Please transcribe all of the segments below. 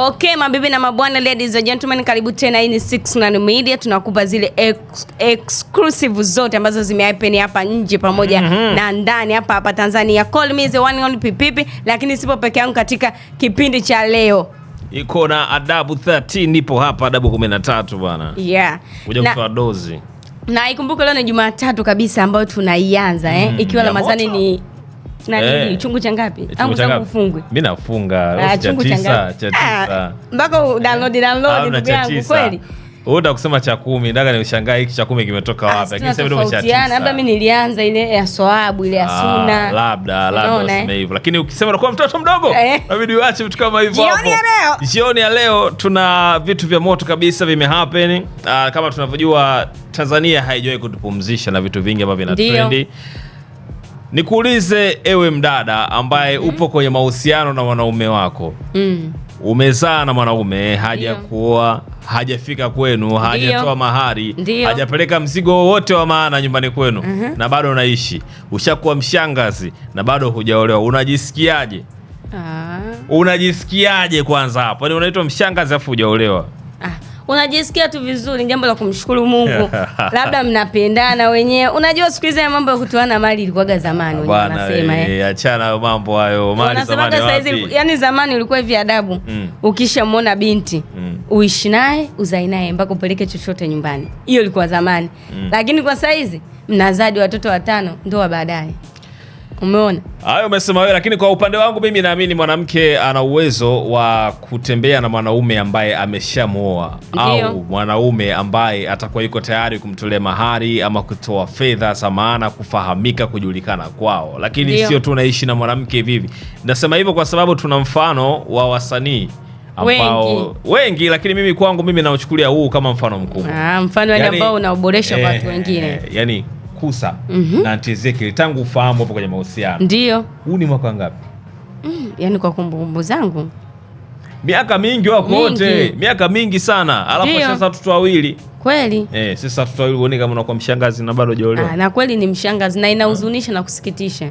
Okay, mabibi na mabwana, ladies and gentlemen, karibu tena. Hii ni 69 Media, tunakupa zile ex exclusive zote ambazo zimehappen hapa nje pamoja mm -hmm. na ndani hapa hapa Tanzania. Call me the one only pipipi, lakini sipo peke yangu katika kipindi cha leo iko na adabu 13 nipo hapa adabu 13 bwana. Yeah. Kuja kutoa dozi. Na ikumbuke leo ni Jumatatu kabisa ambayo tunaianza eh. Mm, ikiwa Ramadhani ni na eh. chungu cha ngapi au mzangu ufungwe? nafunga ah, chungu cha ngapi ah, mpaka download download, ndugu yangu kweli Uda kusema cha kumi ndaka ni ushangaa hiki cha kumi kimetoka ah, wapi? Lakini sasa ndio cha tisa. Labda mimi nilianza ile ya swabu ile ya suna. Labda labda useme eh? hivyo. Lakini ukisema unakuwa mtoto mdogo, eh. inabidi uache vitu kama hivyo hapo. Jioni ya leo. Jioni ya leo tuna vitu vya moto kabisa vimehappen. Kama tunavyojua Tanzania haijawahi kutupumzisha na vitu vingi ambavyo vinatrendi. Nikuulize ewe mdada ambaye mm -hmm. upo kwenye mahusiano na mwanaume wako mm. Umezaa na mwanaume hajakuoa, hajafika kwenu, hajatoa mahari, hajapeleka mzigo wowote wa maana nyumbani kwenu mm -hmm. na bado unaishi, ushakuwa mshangazi na bado hujaolewa, unajisikiaje? Ah. Unajisikiaje kwanza hapo? Yaani unaitwa mshangazi afu hujaolewa? Ah unajisikia tu vizuri, jambo la kumshukuru Mungu. Labda mnapendana wenyewe. Unajua siku hizi mambo ya kutoana mali ilikuwaga zamani, wenyewe wanasema eh. eh. Achana hayo mambo hayo, mali zamani wapi? Yani zamani ulikuwa hivi adabu mm. Ukishamwona binti mm. uishi naye uzae naye mpaka upeleke chochote nyumbani, hiyo ilikuwa zamani mm. Lakini kwa saizi mnazadi watoto watano, wa baadaye. Umeona hayo umesema wewe, lakini kwa upande wangu mimi naamini mwanamke ana uwezo wa kutembea na mwanaume ambaye ameshamwoa au mwanaume ambaye atakuwa yuko tayari kumtolea mahari ama kutoa fedha za maana, kufahamika, kujulikana kwao, lakini sio tu naishi na mwanamke vivi Nasema hivyo kwa sababu tuna mfano wa wasanii ambao wengi, wengi lakini mimi kwangu mimi nauchukulia huu kama mfano mkubwa, ah, mfano yani, ambao unaoboresha watu eh, wengine yani kukusa mm -hmm. na Aunti Ezekiel tangu ufahamu hapo kwenye mahusiano. Ndio. Huu ni mwaka ngapi? Mm, yani kwa kumbukumbu zangu miaka mingi wako wote, miaka mingi sana, alafu sasa watoto wawili kweli. Eh, sasa watoto wawili uone kama unakuwa mshangazi na bado hujaolewa. Ah, na kweli ni mshangazi na inahuzunisha na kusikitisha.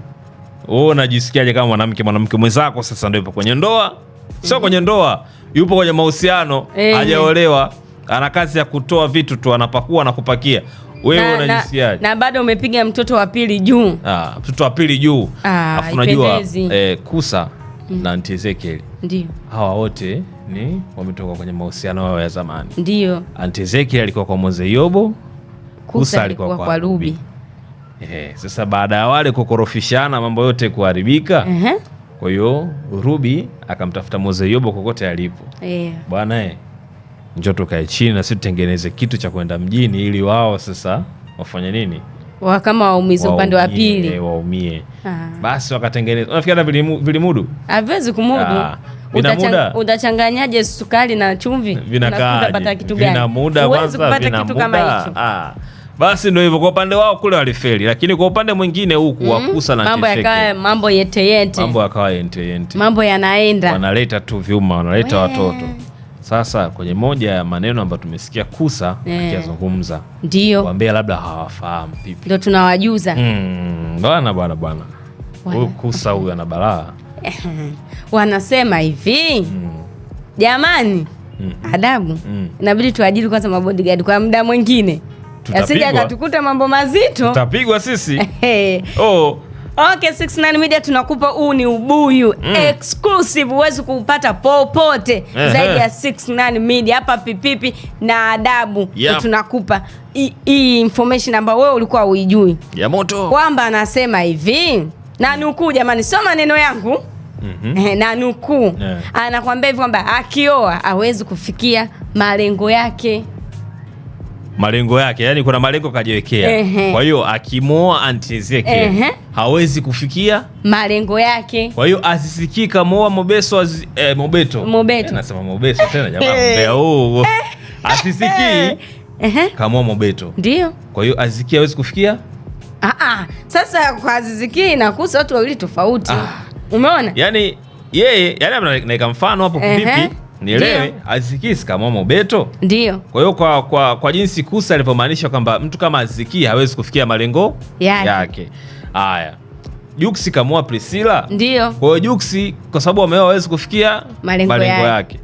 Wewe oh, unajisikiaje kama mwanamke? Mwanamke mwenzako sasa ndio yupo kwenye ndoa, sio mhm. kwenye ndoa, yupo kwenye mahusiano, eh. hajaolewa, ana kazi ya kutoa vitu tu, anapakua na kupakia. Wewe unajisikiaje? Na, na bado umepiga mtoto wa pili juu. Ah, mtoto wa pili juu. Ah, afu unajua eh, Kusa mm. na anti Ezekiel. Ndio. Hawa wote ni wametoka kwenye mahusiano yao ya zamani. Ndio. Aunti Ezekiel alikuwa kwa Moze Yobo. Kusa alikuwa kwa, kwa Rubi. Eh, sasa baada ya wale kukorofishana mambo yote kuharibika. Uh -huh. Kwa hiyo Rubi akamtafuta Moze Yobo kokote alipo. Yeah. Bwana eh njo tukae chini na sisi tutengeneze kitu cha kwenda mjini, ili wao sasa wafanye nini, wa kama waumize upande wa pili waumie. Ah. Basi wakatengeneza, unafikia hata vilimudu? Haviwezi kumudu. Ah. Utachanganyaje sukari na chumvi, vinapata kitu gani? Vina muda kwanza, vina kitu kama hicho. Ah. Basi ndio hivyo, kwa upande wao kule walifeli, lakini kwa upande mwingine huku mm -hmm. wakusa na mambo yakawa mambo yete mambo yakawa yente mambo yanaenda, wanaleta tu vyuma, wanaleta watoto sasa kwenye moja ya maneno ambayo tumesikia Kusa yeah, akiyazungumza ndio waambie labda hawafahamu pipi, ndio tunawajuza mm, bwana bwana bwana, huyu Kusa huyu ana balaa eh, wanasema hivi mm, jamani mm, adabu mm, inabidi tuajiri kwanza mabodyguard kwa muda mwingine, asije akatukuta mambo mazito, tutapigwa sisi eh. oh. Okay, 69 Media tunakupa huu ni ubuyu mm. exclusive, huwezi kuupata popote zaidi ya 69 Media hapa, pipipi na adabu yeah. tunakupa hii information ambayo wewe ulikuwa uijui ya moto, kwamba anasema hivi na nukuu, jamani, sio maneno yangu mm -hmm. na nukuu yeah. anakuambia hivi kwamba akioa hawezi kufikia malengo yake malengo yake, yani kuna malengo kajiwekea. Kwa hiyo akimoa anti Zeke hawezi kufikia malengo yake, kwa hiyo asisikika moa Mobeso eh, Mobeto Mobeto anasema Mobeso tena jamaa eh. mbea eh. asisikii eh. kamoa Mobeto ndio, kwa hiyo aziki hawezi kufikia. ah. ah. sasa kwa aziziki inakusa watu wawili tofauti. Ah, umeona yani yeye yani, naika mfano hapo vipi nielewe Aziki si kama Mobeto ndio. Kwa hiyo kwa, kwa, kwa jinsi Kusa alivyomaanisha kwamba mtu kama Aziki hawezi kufikia malengo yake, yake. Haya, Juksi kamoa Priscilla ndio. Kwa hiyo Juksi kwa sababu wameoa hawezi kufikia malengo, malengo yake, yake.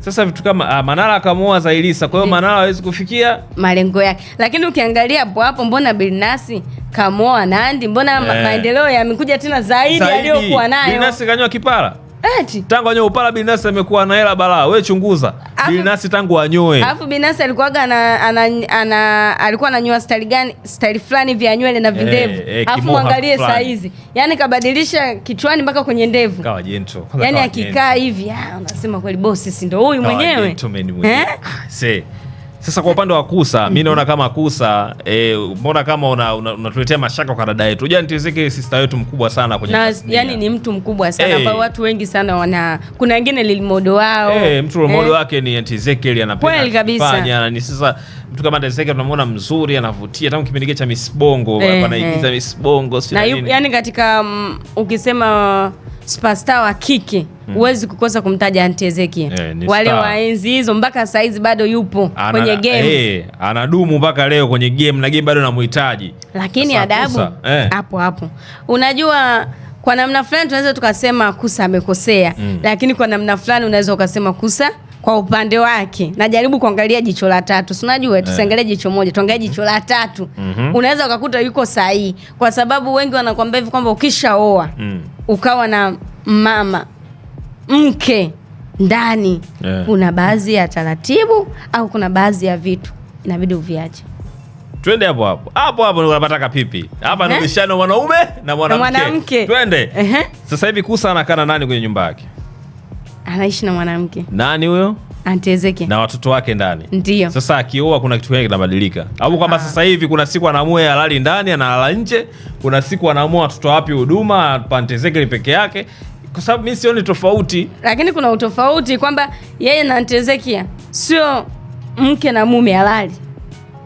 Sasa vitu kama ah, Manara akamuoa Zailisa, kwa hiyo Manara hawezi kufikia malengo yake. Lakini ukiangalia hapo hapo, mbona Bilnasi kamuoa Nandi, mbona yeah. maendeleo yamekuja tena zaidi aliyokuwa nayo. Bilnasi kanywa kipara Eti tangu anyoe upala Bilinasi amekuwa na hela balaa. Wewe chunguza. Bilinasi tangu anyoe. Alafu Bilinasi alikuwa ana, ana, ana alikuwa ananyoa stali gani? Stali fulani vya nywele na vindevu. Alafu eh, eh, hey, muangalie saa hizi. Yaani kabadilisha kichwani mpaka kwenye ndevu. Kawa jento. Yaani akikaa hivi, ah, unasema kweli bosi si ndio huyu mwenyewe? Eh? Ah, see. Sasa kwa upande wa Kusa, mi naona kama Kusa eh, mbona, kama unatuletea una mashaka kwa dada yetu Ujantizike, sista wetu mkubwa sana kwenye na, yani ni mtu mkubwa sana hey. Eh. Kwa watu wengi sana wana kuna wengine lilimodo wao hey, eh, mtu lilimodo hey. Wake ni ili anapenda kufanya ni sasa mtu kama Antizekeli tunamuona mzuri, anavutia tangu kipindi cha Miss Bongo hey, anaigiza hey. Miss Bongo na yu, yani katika um, ukisema superstar wa kike Mhm. huwezi mm. kukosa kumtaja Anti Ezekiel yeah, wale waenzi hizo mpaka saizi bado yupo ana, kwenye game hey, eh, anadumu mpaka leo kwenye game na game bado namhitaji, lakini adabu eh. hapo eh. hapo, unajua kwa namna fulani tunaweza tukasema Kusa amekosea mm. lakini kwa namna fulani unaweza ukasema Kusa kwa upande wake, najaribu kuangalia jicho la tatu, si unajua, eh. tusiangalie jicho moja, tuangalie jicho la tatu mm -hmm. Unaweza ukakuta yuko sahihi, kwa sababu wengi wanakuambia hivi kwamba ukishaoa mm. ukawa na mama mke ndani yeah. Kuna baadhi ya taratibu au kuna baadhi ya vitu inabidi uviache. Twende hapo hapo hapo hapo, unapata kapipi hapa, nabishana eh? mwanaume na mwanamke. Twende sasa hivi. Kusa anakana nani kwenye nyumba yake? Anaishi na mwanamke. Nani huyo? Anti Ezeke na watoto wake ndani. Ndio sasa akioa, kuna kitu kingine kinabadilika? Au kwamba ah. sasa hivi kuna siku anaamua halali ndani analala nje, kuna siku anaamua watoto wapi huduma, Anti Ezeke peke yake kwa sababu mimi sioni tofauti, lakini kuna utofauti kwamba yeye na Ntezekia sio mke na mume halali,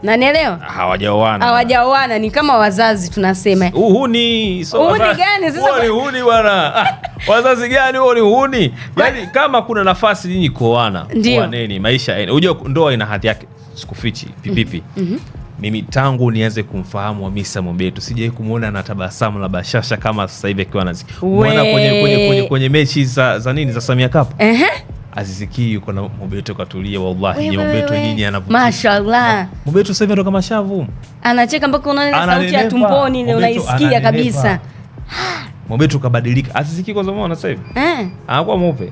nanielewa. Hawajaoana, hawajaoana ni kama wazazi tunasema uhuni. So uhuni gani sasa? Uhuni bwana wazazi gani huo? Ni uhuni. Yaani kama kuna nafasi nyinyi kuoana, kuaneni maisha yenu. Unajua ndoa ina hadhi yake, sikufichi pipipi. mm -hmm mimi tangu nianze kumfahamu Hamisa Mobeto sijai kumwona na tabasamu la bashasha kama sasa hivi akiwa mwana kwenye, kwenye, kwenye, kwenye mechi za, za nini za Samia Cup uh -huh. Aziziki yuko na Mobeto katulia, wallahi nye Mobeto nyinyi anavutia. Mashallah. Ah, Mobeto sasa ndo kama shavu. Anacheka mpaka unaona sauti ya tumboni ile unaisikia kabisa. Mobeto kabadilika. Aziziki kwa zamani sasa hivi. Eh. Anakuwa mweupe.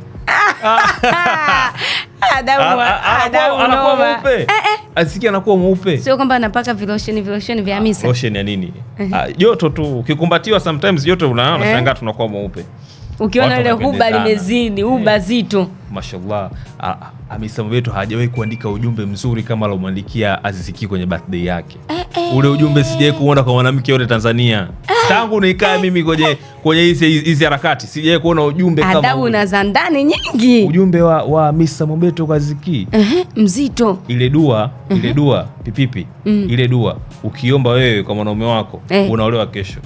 Adamu anakuwa mweupe. Eh eh asiki anakuwa mweupe, sio kwamba anapaka vilosheni vilosheni vya Hamisa. Lotion ya nini? Ah, joto tu, ukikumbatiwa sometimes joto, unaona eh. unashangaa tunakuwa mweupe, ukiona ile huba limezidi huba eh. zito, mashallah. Ah, ah. Hamisa Mobeto hajawahi kuandika ujumbe mzuri kama alomwandikia Aziz kwenye birthday yake. Eh, eh. Ule ujumbe sijawahi kuona kwa mwanamke yote Tanzania eh. tangu nikaa eh. mimi kwenye kwenye hizi harakati sijawaye kuona ujumbe kama adabu na za ndani nyingi, ujumbe wa wa Hamisa Mobeto kwa Aziz mzito. Ile dua ile dua pipipi, mm. ile dua ukiomba wewe kwa mwanaume wako eh, unaolewa kesho.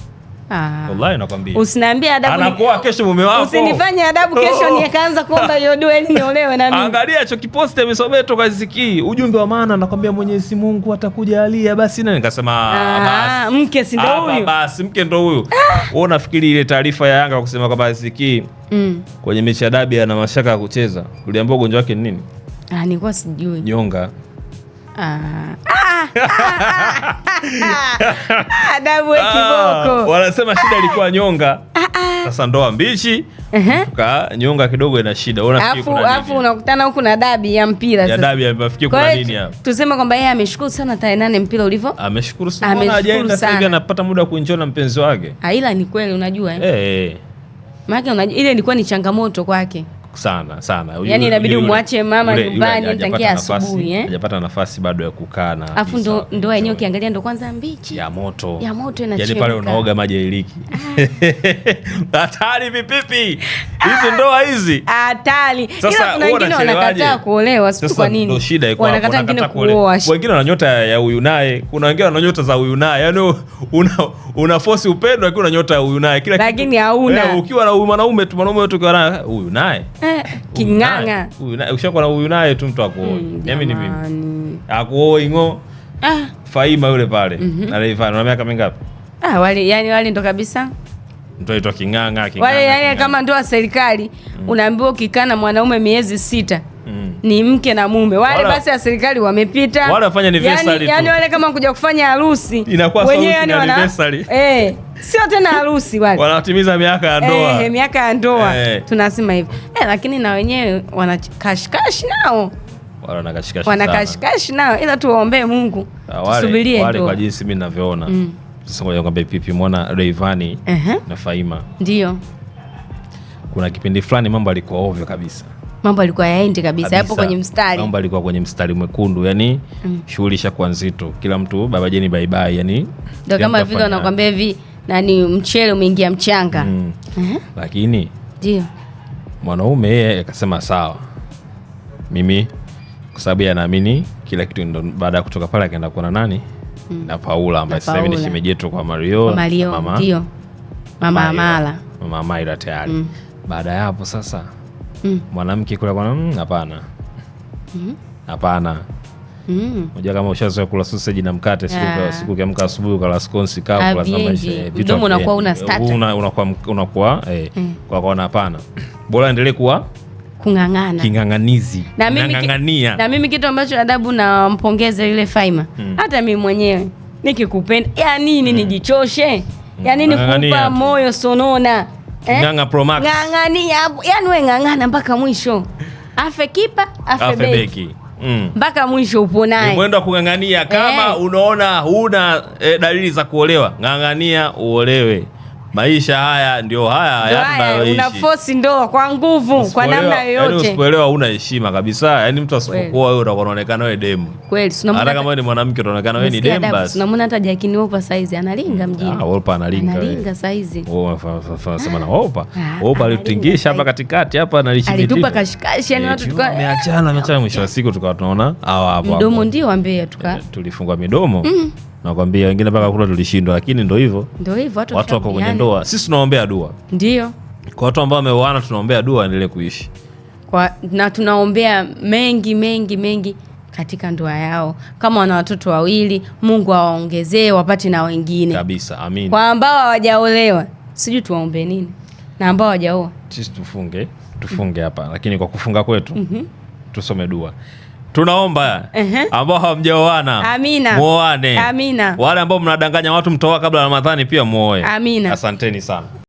Ah. Wallahi nakwambia. Usiniambie adabu. Anakuwa kesho mume wako. Usinifanye adabu kesho oh. Nikaanza kuomba hiyo niolewe na mimi. Angalia Ujumbe wa maana nakwambia Mwenyezi Mungu atakuja alia basi na nikasema ah, basi. Mke si huyu. Basi mke huyu. Ah. Wewe unafikiri ile taarifa ya Yanga kusema kwamba mm. kwenye mechi ya dabi ana mashaka ya kucheza. Uliambiwa ugonjwa wake ni nini? Ah, nilikuwa sijui. Nyonga. Ah. Adabu ah, kiboko. Wanasema shida ilikuwa nyonga. Ah, ah. Sasa ndoa mbichi ka nyonga kidogo ina shida. Alafu unakutana huku na dabi ya mpira sasa. Dabi amefikia kuna nini hapa? Tuseme kwamba yeye ameshukuru sana tarehe nane mpira ulivyo. Ameshukuru sana. Hajaenda sasa hivi anapata muda wa kuenjoy na mpenzi wake. Ah, ila ni kweli unajua eh. Eh. eh. Maana unajua ile ilikuwa ni changamoto kwake sana sana, yani inabidi umwache mama nyumbani mtangia asubuhi eh, hajapata nafasi bado ya kukaa na afu ndo ndo yenyewe, ukiangalia ndo kwanza mbichi ya moto ya moto yaani inachemka, yani pale unaoga maji iliki ah. hatari. Vipipi hizi ah. ndoa hizi hatari. Sasa kuna wengine wanakataa kuolewa, sio kwa nini? Ndio shida iko hapo, wanakataa kuolewa. Wengine wana nyota ya huyu naye, kuna wengine wana nyota za huyu naye, yani una una force upendo, lakini una nyota ya huyu naye kila kitu, lakini hauna yaani ukiwa na mwanaume tu, mwanaume wetu ukiwa na huyu naye eh, eh king'ang'a ukishakuwa na huyu naye tu mtu akuoi mm, mimi yaani ni mimi akuoi ng'o ah. Faima yule pale mm -hmm. Aleifana na miaka mingapi? ah, wale yani wale ndo kabisa mtu aitwa king'ang'a, king'ang'a, wale yani king'ang'a. Kama ndoa serikali mm. Unaambiwa ukikaa na mwanaume miezi sita Mm. ni mke na mume wale wala, basi ya serikali wamepita wale wafanya anniversary yani, yani wale kama kuja kufanya harusi inakuwa wenyewe yani anniversary eh sio tena harusi wale wanatimiza miaka ya ndoa eh, miaka ya ndoa eh. tunasema hivyo eh, lakini na wenyewe wana wanakashikashi nao wale wana wanakashikashi nao, ila tuwaombee Mungu ah, tusubirie wale kwa jinsi mimi ninavyoona mm. Pipi mwana Rayvanny uh -huh. na Faima ndio kuna kipindi fulani mambo alikuwa ovyo kabisa mambo alikuwa yaendi kabisa, yapo kwenye mstari, mambo alikuwa kwenye mstari mwekundu, yani mm. shughuli ishakuwa nzito, kila mtu baba jeni bye bye, yani ndio kama vile wanakuambia hivi nani mchele umeingia mchanga mm. uh eh? -huh. Lakini ndio mwanaume yeye akasema sawa, mimi kwa sababu anaamini kila kitu. Ndo baada ya kutoka pale akaenda kuona nani mm. na Paula ambaye sasa hivi ni shemeji kwa Mario, kwa Mario mama, ndio mama Amala, mama Amala tayari mm. baada ya hapo sasa mm. mwanamke kula kwana hapana mm-hmm. hapana. Mm. Unajua kama ushazoea kula sausage na mkate siku ah. ukiamka asubuhi ukala skonsi kavu, ah, mdomo unakuwa una starter, unakuwa eh, mm. kwa kwa hapana, bora endelee kuwa kung'ang'ana king'ang'anizi na mimi, na mimi kitu ambacho adabu mpongeze yule Faima mm. hata mimi mwenyewe nikikupenda ya nini mm. nijichoshe ya nini kupa moyo sonona eh? Ng'ang'a Pro Max. Ng'ang'ania hapo. Yaani wewe ng'ang'ana mpaka mwisho. Afe kipa, afe, afe beki. beki mm. mpaka mm. mwisho upo naye mwendo wa kung'ang'ania kama eh. Unaona huna eh, dalili za kuolewa, ng'ang'ania uolewe maisha haya ndio haya haya, una force ndoa kwa nguvu, kwa namna yoyote. Yaani Usipoelewa una heshima kabisa, yani mtu asipokuwa wewe utakuwa unaonekana wewe demu kweli, hata kama wewe ni mwanamke unaonekana wewe ni demu. Basi tunamwona hata Jackie ni Wolper saizi analinga ah, mjini, ah, Wolper analinga, analinga saizi, oh, sema na Wolper, ah, ah, Wolper alitingisha hapa katikati hapa analishikilia. alitupa kashikashi, yani eh, watu tukawa ameachana ameachana mwisho wa siku tukawa tunaona hawa hapa, mdomo ndio ambia tuka eh, Tulifungua midomo mm. Nakwambia wengine mpaka kula tulishindwa, lakini ndo hivyo, ndo hivyo watu wako kwenye ndoa. Sisi tunaombea dua, ndio kwa watu ambao wameoana, tunaombea dua waendelee kuishi kwa, na tunaombea mengi mengi mengi katika ndoa yao. Kama wana watoto wawili, Mungu awaongezee wa wapate na wengine kabisa, amin. Kwa ambao hawajaolewa sijui tuwaombe nini, na ambao hawajaoa sisi tufunge, tufunge hapa mm -hmm. Lakini kwa kufunga kwetu mm -hmm. tusome dua tunaomba ambao hamjaoana muoane. Wale ambao mnadanganya watu mtoa kabla ya Ramadhani pia muoe. Amina. Asanteni sana.